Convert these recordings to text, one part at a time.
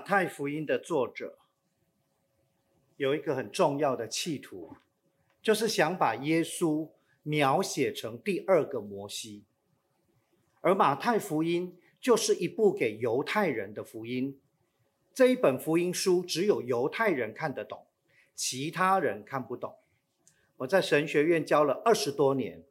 馬太福音的作者有一個很重要的企圖，就是想把耶穌描寫成第二個摩西。而馬太福音就是一部給猶太人的福音，這一本福音書只有猶太人看得懂，其他人看不懂。我在神學院教了二十多年，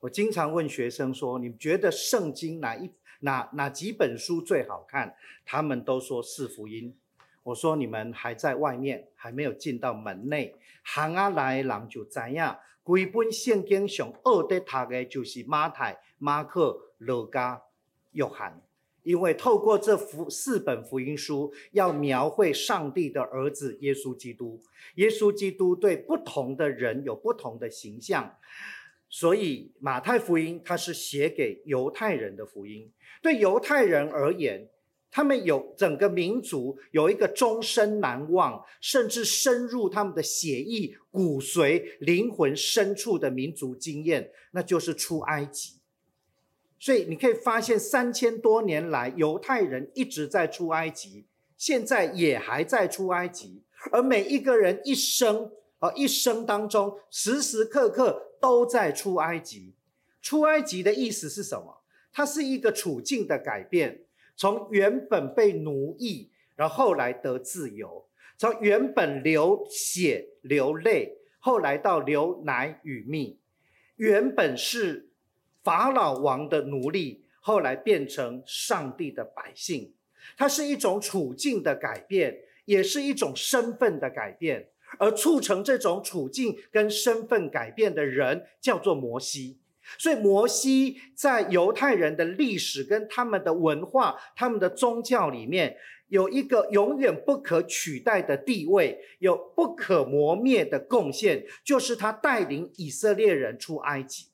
我經常問學生說：“你們覺得聖經哪一？”哪哪幾本書最好看？他們都說四福音。我說，你們還在外面，還沒有進到門內。行啊來的人就知影，規本聖經上奧德讀的，就是馬太、馬可、路加、約翰。因為透過這四本福音書，要描繪上帝的兒子耶穌基督。耶穌基督對不同的人有不同的形象。所以，馬太福音它是寫給猶太人的福音。對猶太人而言，他們有整個民族有一個終身難忘，甚至深入他們的血液、骨髓、靈魂深處的民族經驗，那就是出埃及。所以，你可以發現，三千多年來，猶太人一直在出埃及，現在也還在出埃及，而每一個人一生，一生當中，時時刻刻都在出埃及。出埃及的意思是什麼？它是一個處境的改變，從原本被奴役，然後，後來得自由；從原本流血流淚，後來到流奶與蜜。原本是法老王的奴隸，後來變成上帝的百姓。它是一種處境的改變，也是一種身份的改變。而促成這種處境跟身份改變的人叫做摩西，所以摩西在猶太人的歷史跟他們的文化、他們的宗教裡面，有一個永遠不可取代的地位，有不可磨滅的貢獻，就是他帶領以色列人出埃及。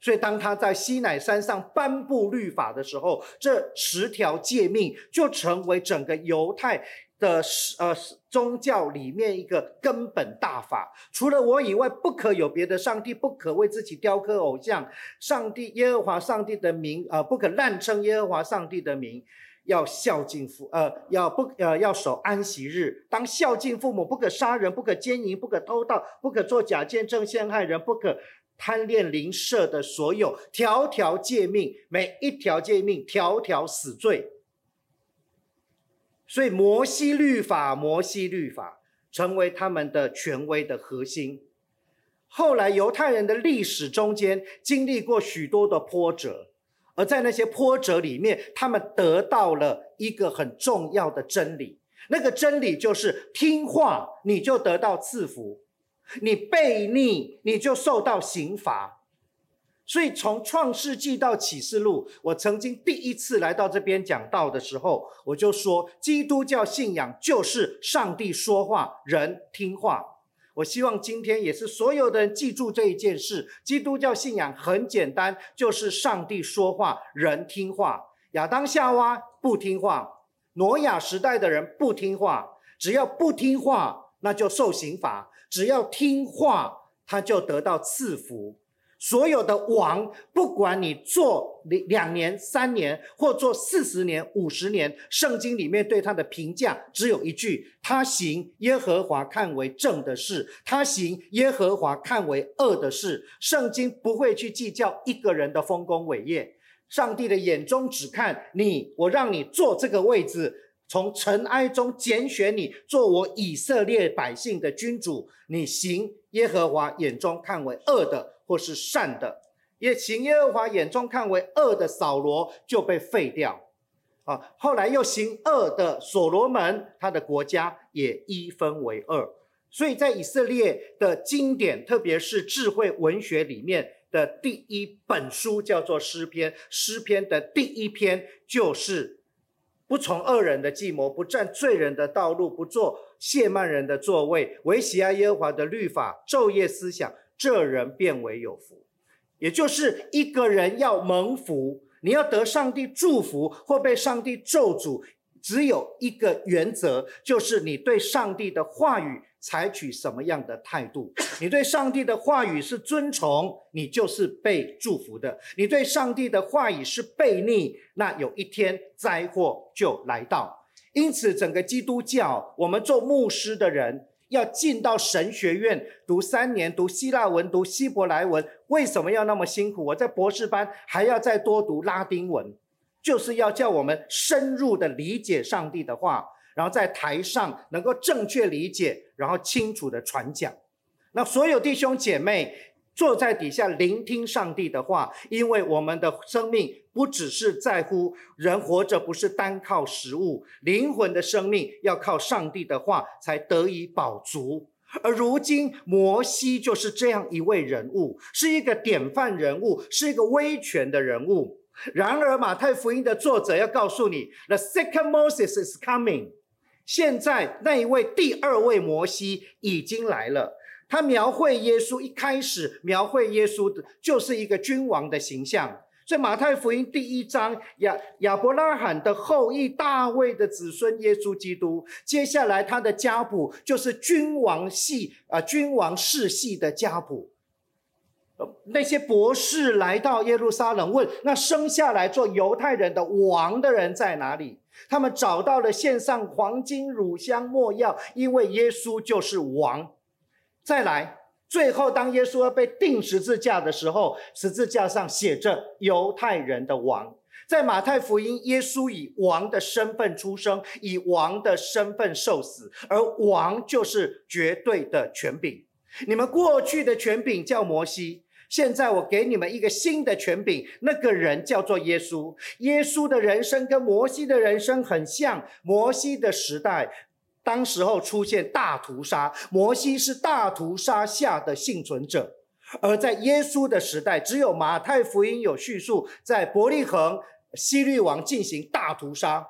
所以當他在西奈山上頒布律法的時候，這十條誡命就成為整個猶太。的是呃、是宗教裡面一個根本大法。除了我以外不可有別的上帝，不可為自己雕刻偶像，上帝耶和華上帝的名呃、不可濫稱耶和華上帝的名，要孝敬父呃、要不呃、要守安息日，當孝敬父母，不可殺人，不可奸淫，不可偷盜，不可做假見證陷害人，不可貪戀鄰舍的所有，條條誡命，每一條誡命，條條死罪。所以摩西律法，摩西律法成為他們的權威的核心。後來猶太人的歷史中間經歷過許多的波折，而在那些波折裡面，他們得到了一個很重要的真理，那個真理就是：聽話你就得到賜福，你悖逆你就受到刑罰。所以從創世紀到啟示錄，我曾經第一次來到這邊講道的時候，我就說，基督教信仰就是上帝說話，人聽話。我希望今天也是所有的人記住這一件事：基督教信仰很簡單，就是上帝說話，人聽話。亞當夏娃不聽話，挪亞時代的人不聽話，只要不聽話，那就受刑罰；只要聽話，他就得到賜福。所有的王，不管你做兩兩年、三年，或做四十年、五十年，聖經裡面對他的評價只有一句：他行耶和華看為正的事，他行耶和華看為惡的事。聖經不會去計較一個人的豐功偉業，上帝的眼中只看你。我讓你坐這個位置，從塵埃中揀選你做我以色列百姓的君主，你行耶和華眼中看為惡的，或是善的，也行耶和華眼中看為惡的，掃羅就被廢掉，啊，後來又行惡的所羅門，他的國家也一分為二。所以在以色列的經典，特別是智慧文學裡面的第一本書叫做詩篇，詩篇的第一篇就是不從惡人的計謀，不站罪人的道路，不坐褻慢人的座位，惟喜愛耶和華的律法，晝夜思想。這人便為有福，也就是一個人要蒙福，你要得上帝祝福或被上帝咒詛，只有一個原則，就是你對上帝的話語採取什麼樣的態度。你對上帝的話語是尊崇，你就是被祝福的；你對上帝的話語是悖逆，那有一天災禍就來到。因此，整個基督教，我們做牧師的人。要進到神學院讀三年，讀希臘文、讀希伯來文，為什麼要那麼辛苦？我在博士班還要再多讀拉丁文，就是要叫我們深入的理解上帝的話，然後在台上能夠正確理解，然後清楚的傳講。那所有弟兄姐妹坐在底下聆聽上帝的話，因為我們的生命，不只是在乎人活着，不是單靠食物，靈魂的生命要靠上帝的話才得以飽足。而如今，摩西就是這樣一位人物，是一個典範人物，是一個威權的人物。然而，馬太福音的作者要告訴你，The second Moses is coming。現在，那一位第二位摩西已經來了。他描繪耶穌一開始描繪耶穌的，就是一個君王的形象。所以馬太福音第一章，亞亞伯拉罕的後裔、大衛的子孫、耶穌基督。接下來他的家譜就是君王系啊、呃，君王世系的家譜、呃。那些博士來到耶路撒冷，問：那生下來做猶太人的王的人在哪裡？他們找到了，獻上黃金、乳香、沒藥，因為耶穌就是王。再來。最後，當耶穌要被釘十字架的時候，十字架上寫着“猶太人的王”。在馬太福音，耶穌以王的身份出生，以王的身份受死，而王就是絕對的權柄。你們過去的權柄叫摩西，現在我給你們一個新的權柄，那個人叫做耶穌。耶穌的人生跟摩西的人生很像，摩西的時代。當時候出現大屠殺，摩西是大屠殺下的幸存者，而在耶穌的時代，只有馬太福音有敘述在伯利恆希律王進行大屠殺，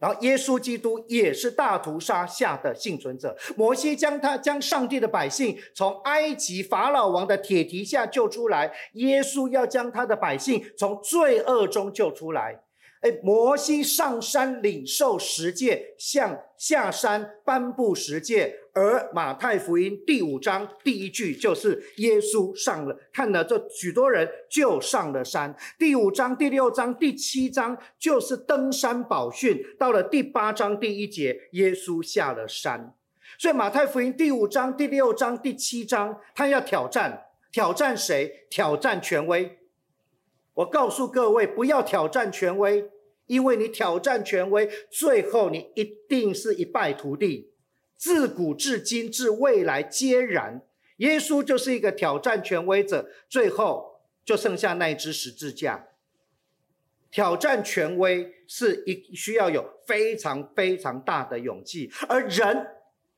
然後耶穌基督也是大屠殺下的幸存者。摩西將他將上帝的百姓從埃及法老王的鐵蹄下救出來，耶穌要將他的百姓從罪惡中救出來。哎，摩西上山領受十誡，向下山頒布十誡，而馬太福音第五章第一句就是耶穌上了，看了這許多人，就上了山。第五章、第六章、第七章就是登山寶訓，到了第八章第一節，耶穌下了山。所以馬太福音第五章、第六章、第七章，他要挑戰，挑戰誰？挑戰權威。我告訴各位，不要挑戰權威，因為你挑戰權威，最後你一定是一敗塗地。自古至今至未來皆然。耶穌就是一個挑戰權威者，最後就剩下那一支十字架。挑戰權威是一需要有非常非常大的勇氣，而人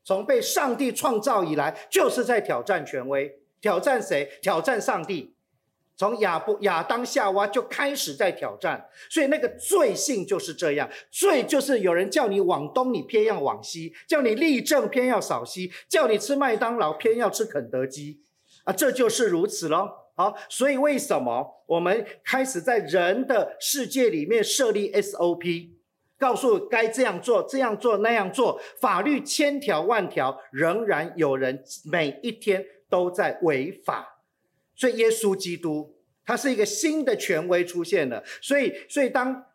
從被上帝創造以來，就是在挑戰權威。挑戰誰？挑戰上帝。從亞伯、亞當、夏娃就開始在挑戰，所以那個罪性就是這樣。罪就是有人叫你往東，你偏要往西；叫你立正，偏要稍息；叫你吃麥當勞，偏要吃肯德基。啊，這就是如此咯。好，所以為什麼我們開始在人的世界裡面設立 SOP，告訴該這樣做、這樣做、那樣做？法律千條萬條，仍然有人每一天都在違法。所以耶穌基督，他是一個新的權威出現了。所以，所以當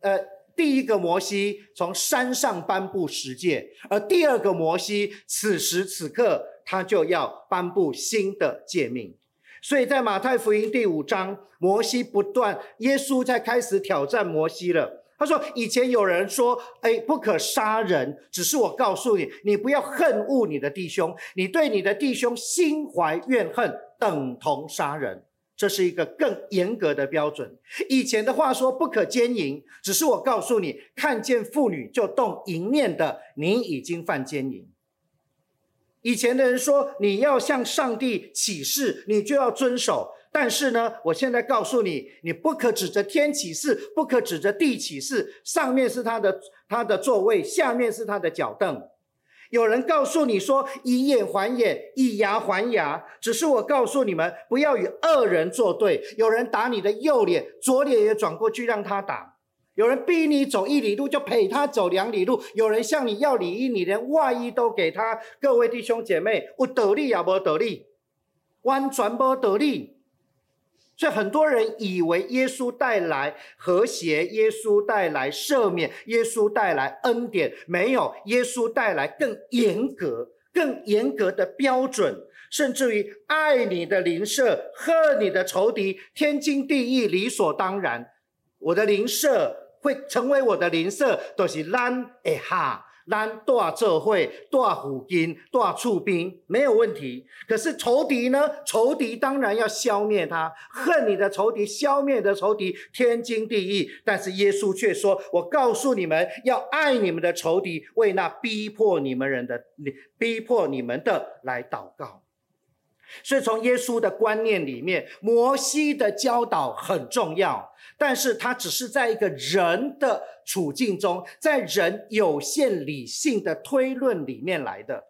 呃第一個摩西從山上頒布十誡，而第二個摩西此時此刻他就要頒布新的誡命。所以在馬太福音第五章，摩西不斷，耶穌在開始挑戰摩西了。他說：“以前有人說，哎，不可殺人，只是我告訴你，你不要恨惡你的弟兄，你對你的弟兄心懷怨恨。”等同殺人，這是一個更嚴格的標準。以前的話說，不可姦淫，只是我告訴你，看見婦女就動淫念的，你已經犯姦淫。以前的人說，你要向上帝起誓，你就要遵守。但是呢，我現在告訴你，你不可指着天起誓，不可指着地起誓。上面是他的他的座位，下面是他的腳凳。有人告訴你說，以眼還眼、以牙還牙，只是我告訴你們，不要與惡人作對。有人打你的右臉，左臉也轉過去讓他打。有人逼你走一里路，就陪他走兩里路。有人向你要裡衣，你連外衣都給他。各位弟兄姐妹，有道理也無道理，完全無道理。所以很多人以為耶穌帶來和諧，耶穌帶來赦免，耶穌帶來恩典，沒有，耶穌帶來更嚴格、更嚴格的標準，甚至於愛你的鄰舍、恨你的仇敵，天經地義、理所當然。我的鄰舍會成為我的鄰舍，都、就是懶誒哈。拿斷少社會，虎少斷金，兵，沒有問題。可是仇敵呢？仇敵當然要消滅他，恨你的仇敵，消滅你的仇敵，天經地義。但是耶穌卻說：“我告訴你們，要愛你們的仇敵，為那逼迫你們人的，逼迫你們的來禱告。”所以從耶穌的觀念裡面，摩西的教導很重要。但是它只是在一個人的處境中，在人有限理性的推論裡面來的，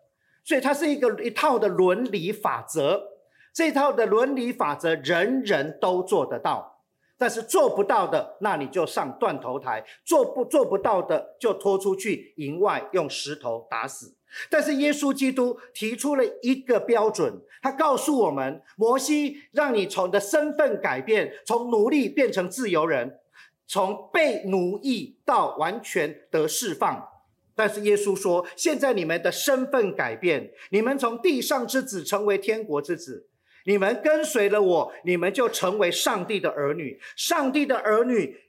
所以它是一個一套的倫理法則。這一套的倫理法則，人人都做得到。但是做不到的，那你就上斷頭台；做不做不到的，就拖出去營外用石頭打死。但是耶穌基督提出了一個標準，他告訴我們：摩西讓你從你的身份改變，從奴隸變成自由人，從被奴役到完全得釋放。但是耶穌說，現在你們的身份改變，你們從地上之子成為天國之子。你們跟隨了我，你們就成為上帝的兒女。上帝的兒女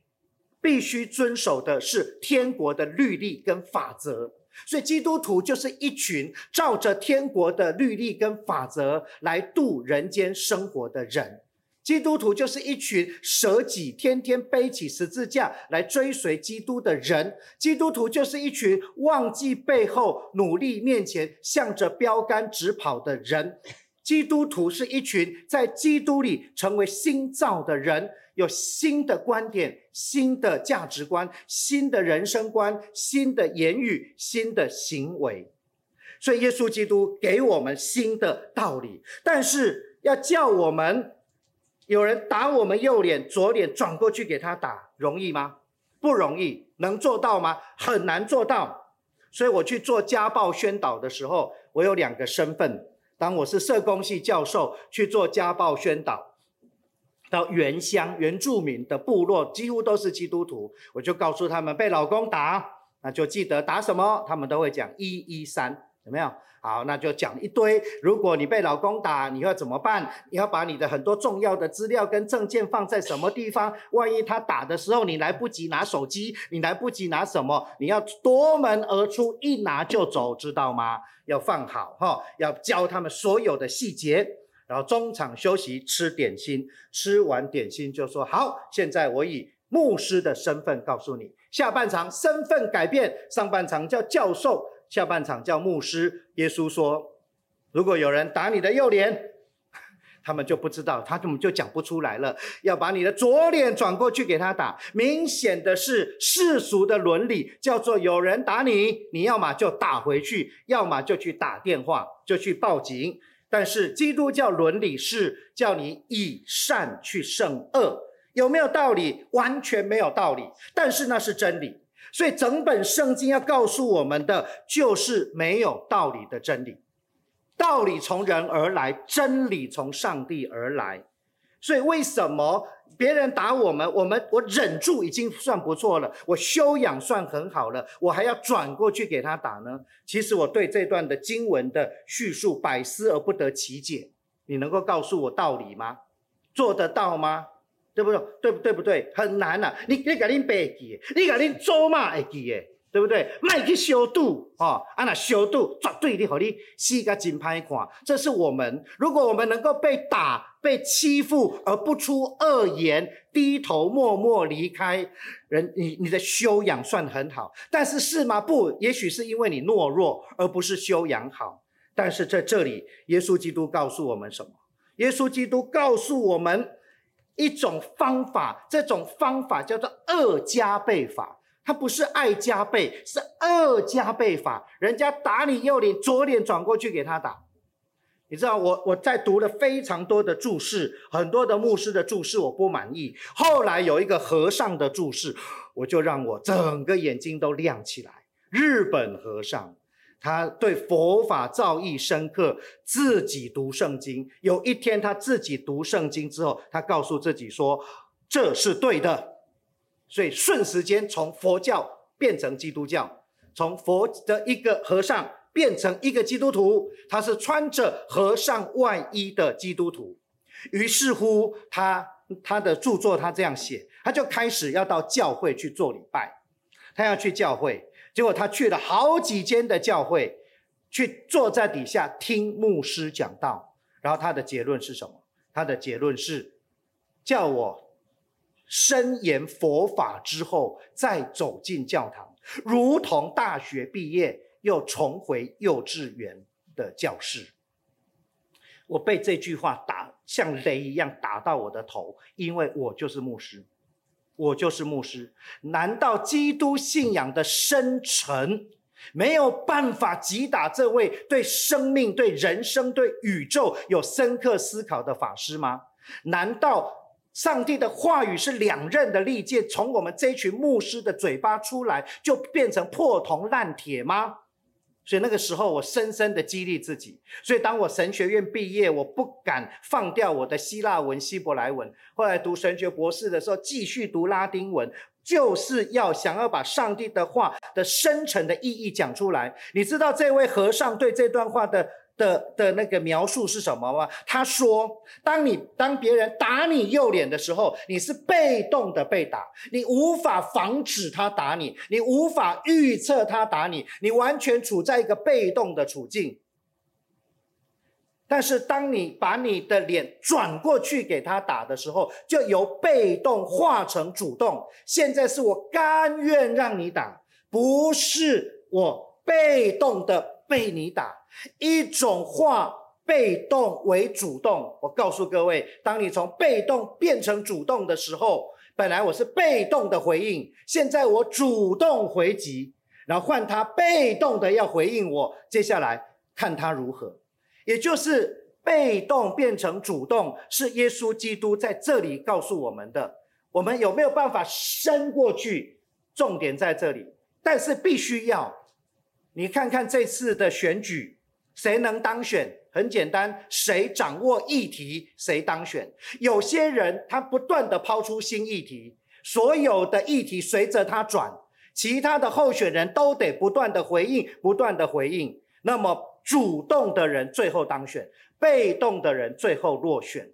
必須遵守的是天國的律例跟法則。所以基督徒就是一群照着天國的律例跟法則來度人間生活的人。基督徒就是一群捨己、天天背起十字架來追隨基督的人。基督徒就是一群忘記背後努力面前，向着標杆直跑的人。基督徒是一群在基督裡成為新造的人，有新的觀點、新的價值觀、新的人生觀、新的言語、新的行為。所以，耶穌基督給我們新的道理，但是要叫我們有人打我們右臉、左臉轉過去給他打，容易嗎？不容易，能做到嗎？很難做到。所以我去做家暴宣導的時候，我有兩個身份。當我是社工系教授去做家暴宣導，到原鄉原住民的部落，幾乎都是基督徒，我就告訴他們，被老公打，那就記得打什麼？他們都會講一一三。有沒有？好，那就講一堆。如果你被老公打，你要怎麼辦？你要把你的很多重要的資料跟證件放在什麼地方？萬一他打的時候你來不及拿手機，你來不及拿什麼？你要奪門而出，一拿就走，知道嗎？要放好哈、哦，要教他們所有的細節。然後中場休息，吃點心，吃完點心就說，好，現在我以牧師的身份告訴你，下半場身份改變，上半場叫教授。下半場叫牧師，耶穌說：“如果有人打你的右臉，他們就不知道，他根本就講不出來了。要把你的左臉轉過去給他打。明顯的是世俗的倫理，叫做有人打你，你要麼就打回去，要麼就去打電話，就去報警。但是基督教倫理是叫你以善去勝惡，有沒有道理？完全沒有道理，但是那是真理。”所以整本聖經要告訴我們的，就是沒有道理的真理。道理從人而來，真理從上帝而來。所以為什麼別人打我們，我們我忍住已經算不錯了，我修養算很好了，我還要轉過去給他打呢？其實我對這段的經文的敘述百思而不得其解。你能夠告訴我道理嗎？做得到嗎？對不，對不對？對不對？不對，很難吶、啊！你你甲恁爸記的，你甲恁祖媽會記的，對不對？別去小賭哦！啊，那小賭絕對你好你死得真歹看。這是我們，如果我們能夠被打、被欺負而不出惡言，低頭默默離開人，你你的修養算很好。但是是嗎？不，也許是因為你懦弱，而不是修養好。但是在這裡，耶穌基督告訴我們什麼？耶穌基督告訴我們。一種方法，這種方法叫做惡加倍法，它不是愛加倍，是惡加倍法。人家打你右臉，左臉轉過去給他打。你知道，我我在讀了非常多的注釋，很多的牧師的注釋我不滿意，後來有一個和尚的注釋，我就讓我整個眼睛都亮起來。日本和尚。他對佛法造詣深刻，自己讀聖經。有一天，他自己讀聖經之後，他告訴自己說：“這是對的。”所以，瞬時間從佛教變成基督教，從佛的一個和尚變成一個基督徒。他是穿着和尚外衣的基督徒。於是乎他，他他的著作他這樣寫，他就開始要到教會去做禮拜，他要去教會。結果他去了好幾間的教會，去坐在底下聽牧師講道，然後他的結論是什麼？他的結論是，叫我深研佛法之後再走進教堂，如同大學畢業又重回幼稚園的教室。我被這句話打，像雷一樣打到我的頭，因為我就是牧師。我就是牧師，難道基督信仰的深沉沒有辦法擊打這位對生命、對人生、對宇宙有深刻思考的法師嗎？難道上帝的話語是兩刃的利劍，從我們這群牧師的嘴巴出來就變成破銅爛鐵嗎？所以那個時候，我深深地激勵自己。所以當我神學院畢業，我不敢放掉我的希臘文、希伯來文。後來讀神學博士的時候，繼續讀拉丁文，就是要想要把上帝的話的深層的意義講出來。你知道這位和尚對這段話的，的的那個描述是什麼嗎？他說：“當你當別人打你右臉的時候，你是被動的被打，你無法防止他打你，你無法預測他打你，你完全處在一個被動的處境。但是，當你把你的臉轉過去給他打的時候，就由被動化成主動。現在是我甘願讓你打，不是我被動的被你打。”一種化被動為主動。我告訴各位，當你從被動變成主動的時候，本來我是被動的回應，現在我主動回擊，然後換他被動的要回應我。接下來看他如何，也就是被動變成主動，是耶穌基督在這裡告訴我們的。我們有沒有辦法伸過去？重點在這裡，但是必須要。你看看這次的選舉。誰能當選？很簡單，誰掌握議題，誰當選。有些人他不斷的拋出新議題，所有的議題隨着他轉，其他的候選人都得不斷的回應，不斷的回應。那麼主動的人最後當選，被動的人最後落選。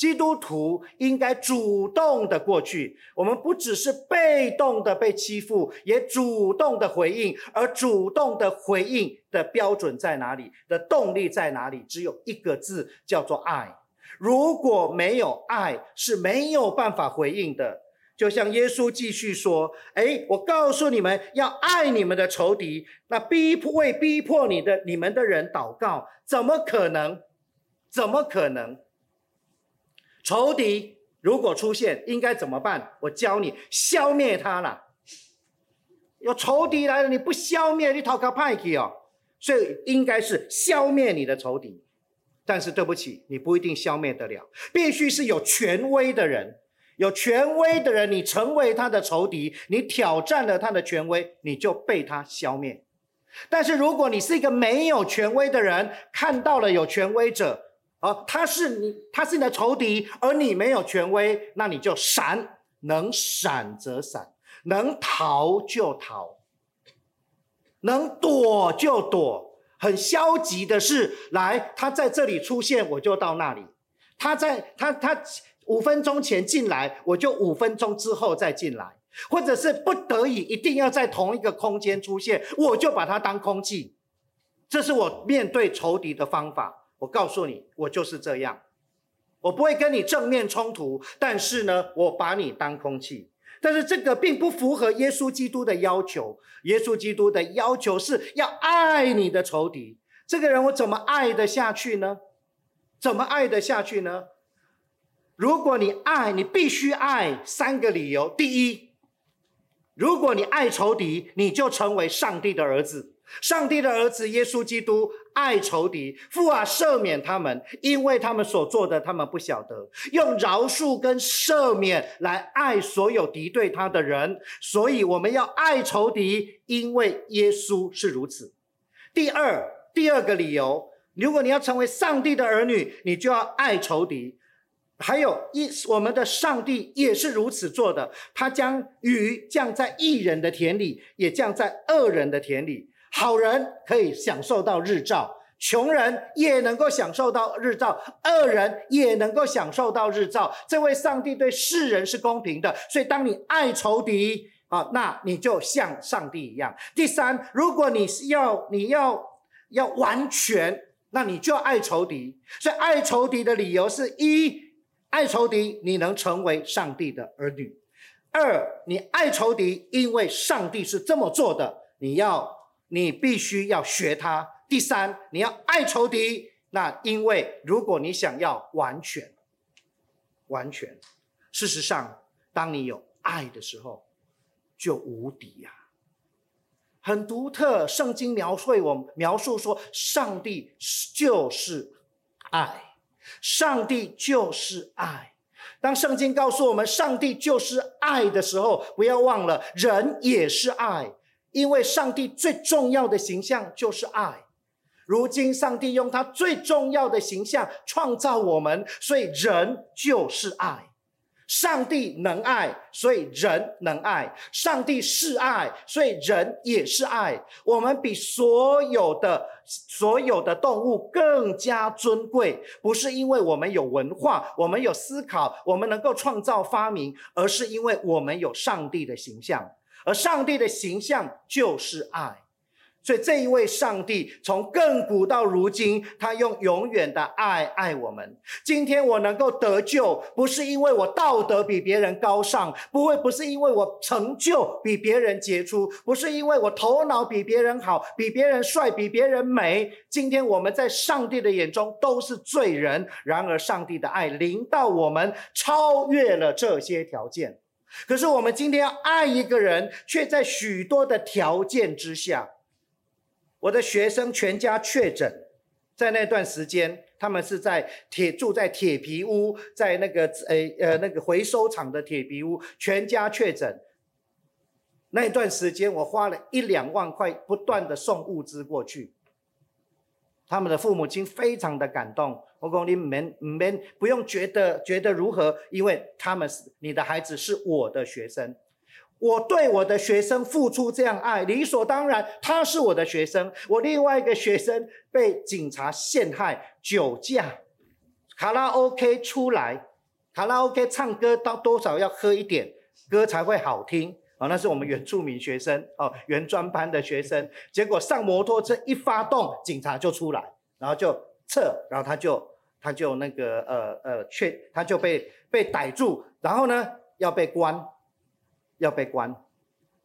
基督徒應該主動的過去，我們不只是被動的被欺負，也主動的回應。而主動的回應的標準在哪裡？的動力在哪裡？只有一個字，叫做愛。如果沒有愛，是沒有辦法回應的。就像耶穌繼續說：“誒，我告訴你們，要愛你們的仇敵，那逼迫、為逼迫你的、你們的人禱告，怎麼可能？怎麼可能？”仇敵如果出現，應該怎麼辦？我教你消滅他啦。有仇敵來了，你不消滅，你頭殼歹去哦。所以應該是消滅你的仇敵。但是對不起，你不一定消滅得了。必須是有權威的人，有權威的人，你成為他的仇敵，你挑戰了他的權威，你就被他消滅。但是如果你是一個沒有權威的人，看到了有權威者。哦，他是你，他是你的仇敵，而你沒有權威，那你就閃，能閃則閃，能逃就逃，能躲就躲，很消極的是，來，他在這裡出現，我就到那裡；他在他他五分鐘前進來，我就五分鐘之後再進來；或者是不得已一定要在同一個空間出現，我就把他當空氣。這是我面對仇敵的方法。我告訴你，我就是這樣，我不會跟你正面衝突，但是呢，我把你當空氣。但是這個並不符合耶穌基督的要求。耶穌基督的要求是要愛你的仇敵。這個人我怎麼愛得下去呢？怎麼愛得下去呢？如果你愛，你必須愛三個理由。第一，如果你愛仇敵，你就成為上帝的兒子。上帝的兒子耶穌基督愛仇敵，父啊，赦免他們，因為他們所做的，他們不曉得。用饒恕跟赦免來愛所有敵對他的人，所以我們要愛仇敵，因為耶穌是如此。第二，第二個理由，如果你要成為上帝的兒女，你就要愛仇敵。還有一，我們的上帝也是如此做的，他將雨降在義人的田裡，也降在惡人的田裡。好人可以享受到日照，窮人也能夠享受到日照，惡人也能夠享受到日照。這位上帝對世人是公平的，所以當你愛仇敵啊，那你就像上帝一樣。第三，如果你是要你要要完全，那你就愛仇敵。所以愛仇敵的理由是一，愛仇敵你能成為上帝的兒女；二，你愛仇敵，因為上帝是這麼做的。你要。你必須要學他。第三，你要愛仇敵。那因為如果你想要完全、完全，事實上，當你有愛的時候，就無敵呀、啊，很獨特。聖經描繪我描述說，上帝就是愛，上帝就是愛。當聖經告訴我們上帝就是愛的時候，不要忘了人也是愛。因為上帝最重要的形象就是愛，如今上帝用他最重要的形象創造我們，所以人就是愛。上帝能愛，所以人能愛；上帝是愛，所以人也是愛。我們比所有的所有的動物更加尊貴，不是因為我們有文化，我們有思考，我們能夠創造發明，而是因為我們有上帝的形象。而上帝的形象就是愛，所以這一位上帝從亘古到如今，他用永遠的愛愛我們。今天我能夠得救，不是因為我道德比別人高尚，不會不是因為我成就比別人傑出，不是因為我頭腦比別人好，比別人帥，比別人美。今天我們在上帝的眼中都是罪人，然而上帝的愛臨到我們，超越了這些條件。可是我們今天要愛一個人，卻在許多的條件之下。我的學生全家確診，在那段時間，他們是在鐵，住在鐵皮屋，在那個呃呃那個回收場的鐵皮屋，全家確診。那段時間，我花了一兩萬塊，不斷的送物資過去。他們的父母親非常的感動，我講，你們你們不，不用覺得覺得如何，因為他們是你的孩子，是我的學生，我對我的學生付出這樣愛理所當然，他是我的學生。我另外一個學生被警察陷害，酒駕，卡拉 OK 出來，卡拉 OK 唱歌到多少要喝一點，歌才會好聽。哦，那是我們原住民學生，哦，原專班的學生，結果上摩托車一發動，警察就出來，然後就撤，然後他就他就那個呃呃，確、呃、他就被被逮住，然後呢要被關，要被關，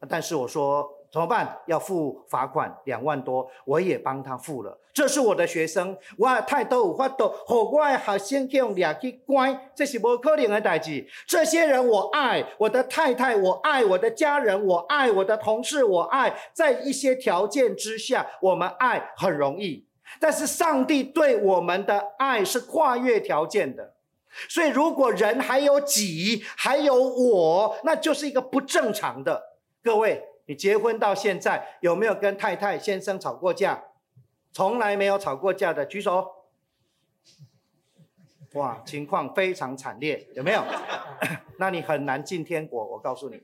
但是我說。怎麼辦？要付罰款兩萬多，我也幫他付了。這是我的學生，我的太多我好給我們倆這是不可能的代志。這些人我愛，我的太太我愛，我的家人我愛，我的同事我愛。在一些條件之下，我們愛很容易。但是上帝對我們的愛是跨越條件的，所以如果人還有己，還有我，那就是一個不正常的。各位。你結婚到現在有沒有跟太太先生吵過架？從來沒有吵過架的舉手。哇，情況非常慘烈，有沒有？那你很難進天國，我告訴你，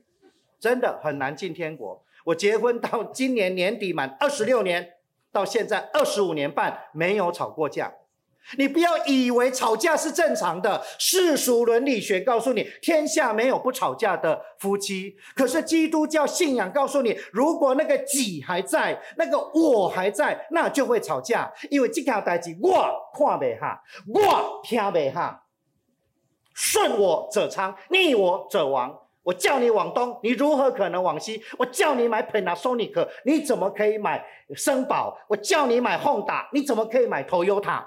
真的很難進天國。我結婚到今年年底滿二十六年，到現在二十五年半沒有吵過架。你不要以為吵架是正常的，世俗倫理學告訴你，天下沒有不吵架的夫妻。可是基督教信仰告訴你，如果那個己還在，那個我還在，那就會吵架。因為這條代志我看不下，我聽不下。順我者昌，逆我者亡。我叫你往東，你如何可能往西？我叫你買 Panasonic，你怎麼可以買聲寶？我叫你買 Honda，你怎麼可以買 Toyota？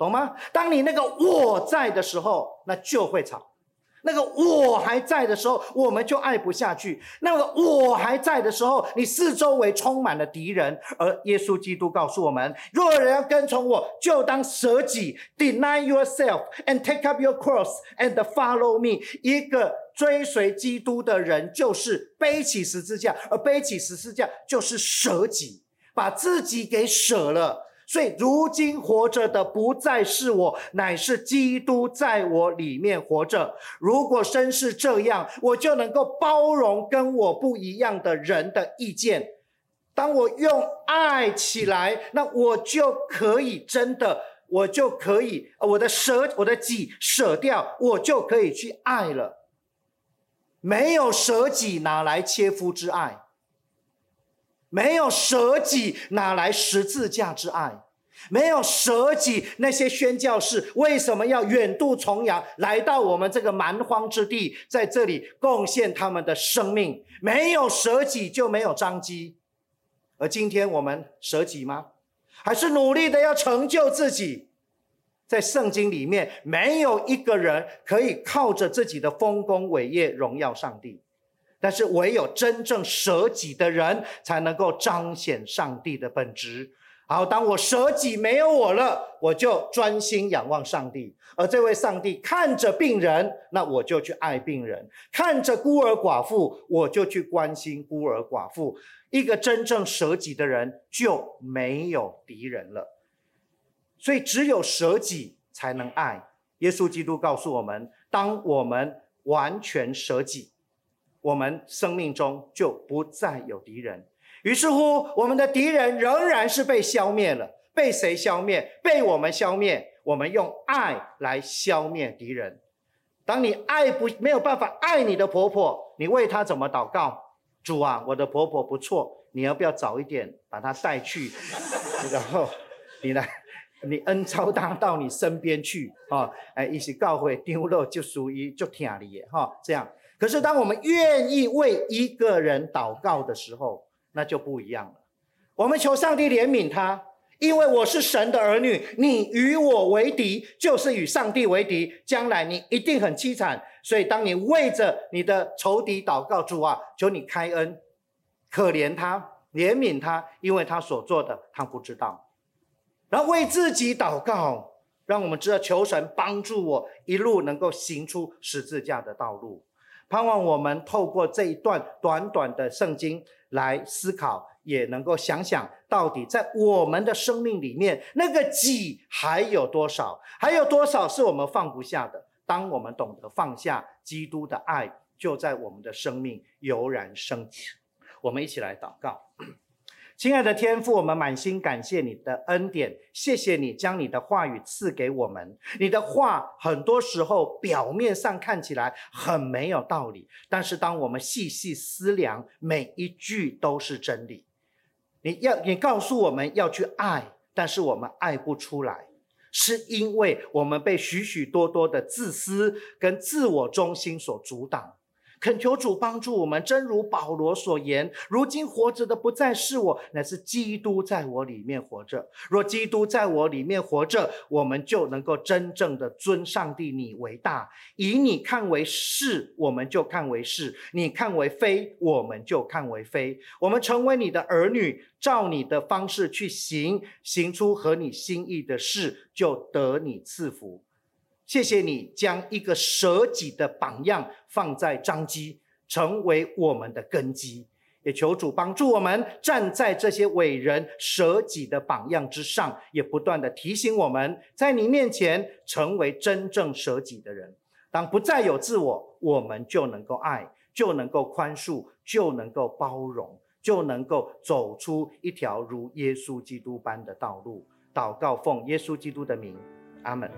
懂嗎？當你那個我在的時候，那就會吵；那個我還在的時候，我們就愛不下去；那個我還在的時候，你四周圍充滿了敵人。而耶穌基督告訴我們：若有人要跟從我，就當捨己，deny yourself and take up your cross and follow me。一個追隨基督的人，就是背起十字架，而背起十字架就是捨己，把自己給捨了。所以，如今活着的不再是我，乃是基督在我裡面活着。如果真是這樣，我就能夠包容跟我不一樣的人的意見。當我用愛起來，那我就可以真的，我就可以，我的舍，我的己舍掉，我就可以去愛了。沒有舍己，哪來切膚之愛？沒有捨己，哪來十字架之愛？沒有捨己，那些宣教士，為什麼要遠渡重洋來到我們這個蠻荒之地，在這裡貢獻他們的生命？沒有捨己，就沒有張機。而今天我們捨己嗎？還是努力的要成就自己？在聖經裡面，沒有一個人可以靠着自己的豐功偉業榮耀上帝。但是唯有真正捨己的人，才能夠彰顯上帝的本質。好，當我捨己沒有我了，我就專心仰望上帝。而這位上帝看着病人，那我就去愛病人；看着孤兒寡婦，我就去關心孤兒寡婦。一個真正捨己的人就沒有敵人了。所以，只有捨己才能愛。耶穌基督告訴我們，當我們完全捨己，我們生命中就不再有敵人，於是乎，我們的敵人仍然是被消滅了。被誰消滅？被我們消滅。我們用愛來消滅敵人。當你愛不，沒有辦法愛你的婆婆，你為她怎麼禱告？主啊，我的婆婆不錯，你要不要早一點把她帶去？然後你來，你恩招她到你身邊去啊！一起告會丟了就屬於就聽你的哈，這樣。可是，當我們願意為一個人禱告的時候，那就不一樣了。我們求上帝憐憫他，因為我是神的兒女。你與我為敵，就是與上帝為敵。將來你一定很淒慘。所以，當你為着你的仇敵禱告，主啊，求你開恩、可憐他、憐憫他，因為他所做的他不知道。然後為自己禱告，讓我們知道，求神幫助我一路能夠行出十字架的道路。盼望我們透過這一段短短的聖經來思考，也能夠想想到底在我們的生命裡面，那個己還有多少？還有多少是我們放不下的？當我們懂得放下，基督的愛就在我們的生命油然升起。我們一起來禱告。親愛的天父，我們滿心感謝你的恩典，謝謝你將你的話語賜給我們。你的話很多時候表面上看起來很沒有道理，但是當我們細細思量，每一句都是真理。你要，你告訴我們要去愛，但是我們愛不出來，是因為我們被許許多多的自私跟自我中心所阻擋。懇求主幫助我們，正如保羅所言，如今活着的不再是我，乃是基督在我裡面活着。若基督在我裡面活着，我們就能夠真正的尊上帝你為大，以你看為是，我們就看為是；你看為非，我們就看為非。我們成為你的兒女，照你的方式去行，行出合你心意的事，就得你賜福。謝謝你將一個捨己的榜樣放在張基，成為我們的根基。也求主幫助我們站在這些偉人捨己的榜樣之上，也不斷地提醒我們，在你面前成為真正捨己的人。當不再有自我，我們就能夠愛，就能夠寬恕，就能夠包容，就能夠走出一條如耶穌基督般的道路。禱告奉耶穌基督的名，阿門。